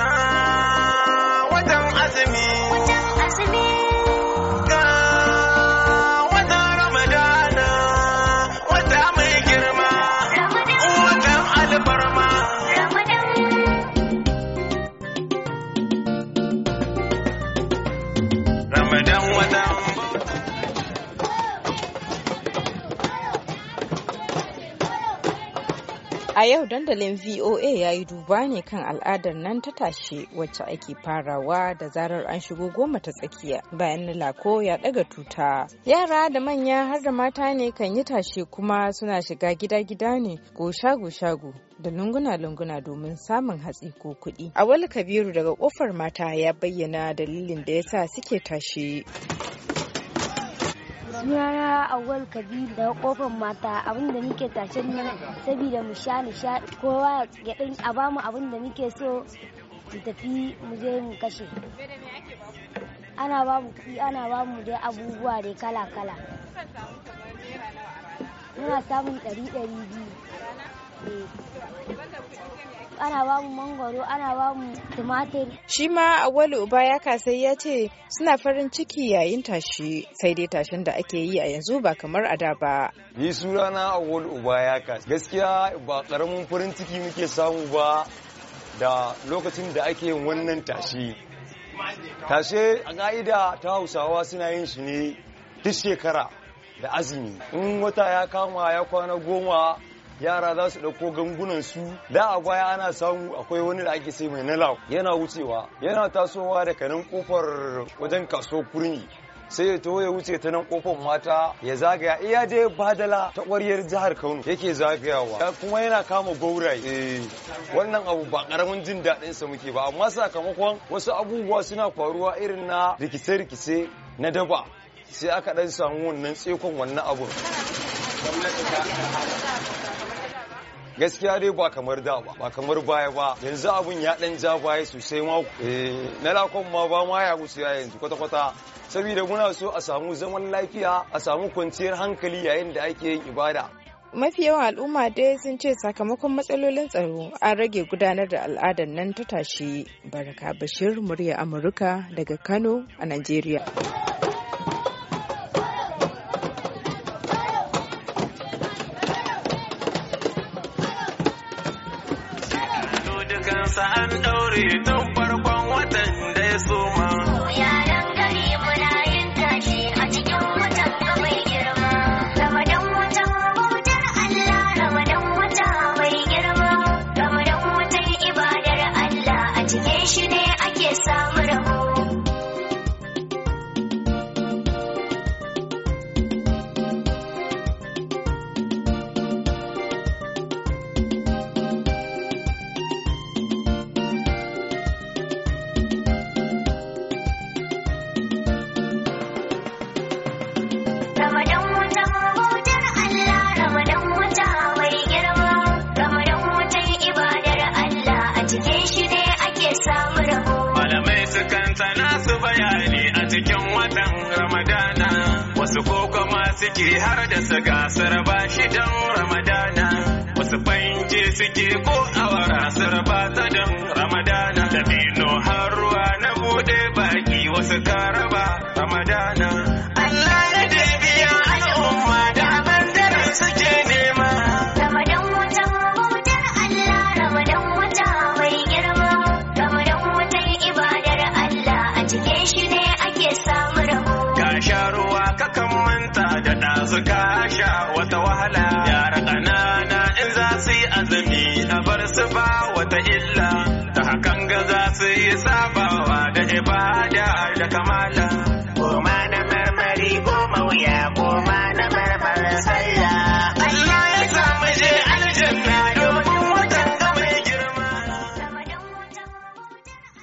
Ga watan azumi. Ga watan Ramadana. Wata mai girma. Watan albarma. Ramadan A yau dandalin VOA ya yi duba ne kan al'adar nan ta tashe wacce ake farawa da zarar an shigo goma ta tsakiya bayan na lako ya daga tuta. Yara da manya har da mata ne kan yi tashe kuma suna shiga gida-gida ne ko shago-shago da lunguna-lunguna domin samun hatsi ko kuɗi. wani Kabiru daga kofar mata ya bayyana dalilin da ya sa suke tashe. sunana awal kabiru daga kofar mata abinda muke tashen nan saboda mu sha sha kowa ya dan a bamu abinda muke so mu tafi mu je mu kashe ana ba mu kuɗi ana ba mu dai abubuwa dai kala kala muna samun ɗari ɗari biyu ana ba mangoro ana bamu tumatir. Shi ma Auwalu Uba ya kasai ya ce suna farin ciki yayin tashi sai dai tashin da ake yi a yanzu ba kamar a da ba. Ni sunana Auwalu Uba ya kasai. Gaskiya ba karamin farin ciki muke samu ba da lokacin da ake yin wannan tashi. Tashe a ga'ida ta Hausawa suna yin shi ne duk shekara da azumi. In wata ya kama ya kwana goma yara za su ɗauko gangunan su da a gwaya ana samu akwai wani da ake sai mai lau yana wucewa yana tasowa daga nan kofar wajen kaso kurmi sai ya to ya wuce ta nan kofar mata ya zagaya iya eh, je badala ta kwaryar jihar Kano yake zagayawa kuma yana kama gauraye eh, wannan abu ba karamin jin daɗin sa muke ba amma sakamakon wasu abubuwa suna faruwa irin na rikice-rikice na daba sai aka ɗan samu wannan tsekon wannan abun gaskiya dai ba kamar da ba ba kamar baya ba yanzu abun ya dan ja baya sosai ma eh, na lakon ma ba ma ya wuce yanzu kwata-kwata saboda muna so a samu zaman lafiya a samu kwanciyar hankali yayin da ake yin ibada mafi yawan al'umma dai sun ce sakamakon matsalolin tsaro an rage gudanar da al'adar nan ta tashi baraka bashir murya amurka daga kano a najeriya kansa an ɗaure tun farkon watan da ya soma. ramadana wasu ko kuma suke har da su gasar ba shi dan ramadana wasu fanke suke ko awara sarba ta dan ramadana da har ruwa na bude baki wasu karaba ramadana kakan manta da ɗazu ka sha wata wahala yara ƙanana in za su yi azumi a bar su ba wata illa ta hakan ga za su yi sabawa da ibada da kamala goma na marmari goma wuya goma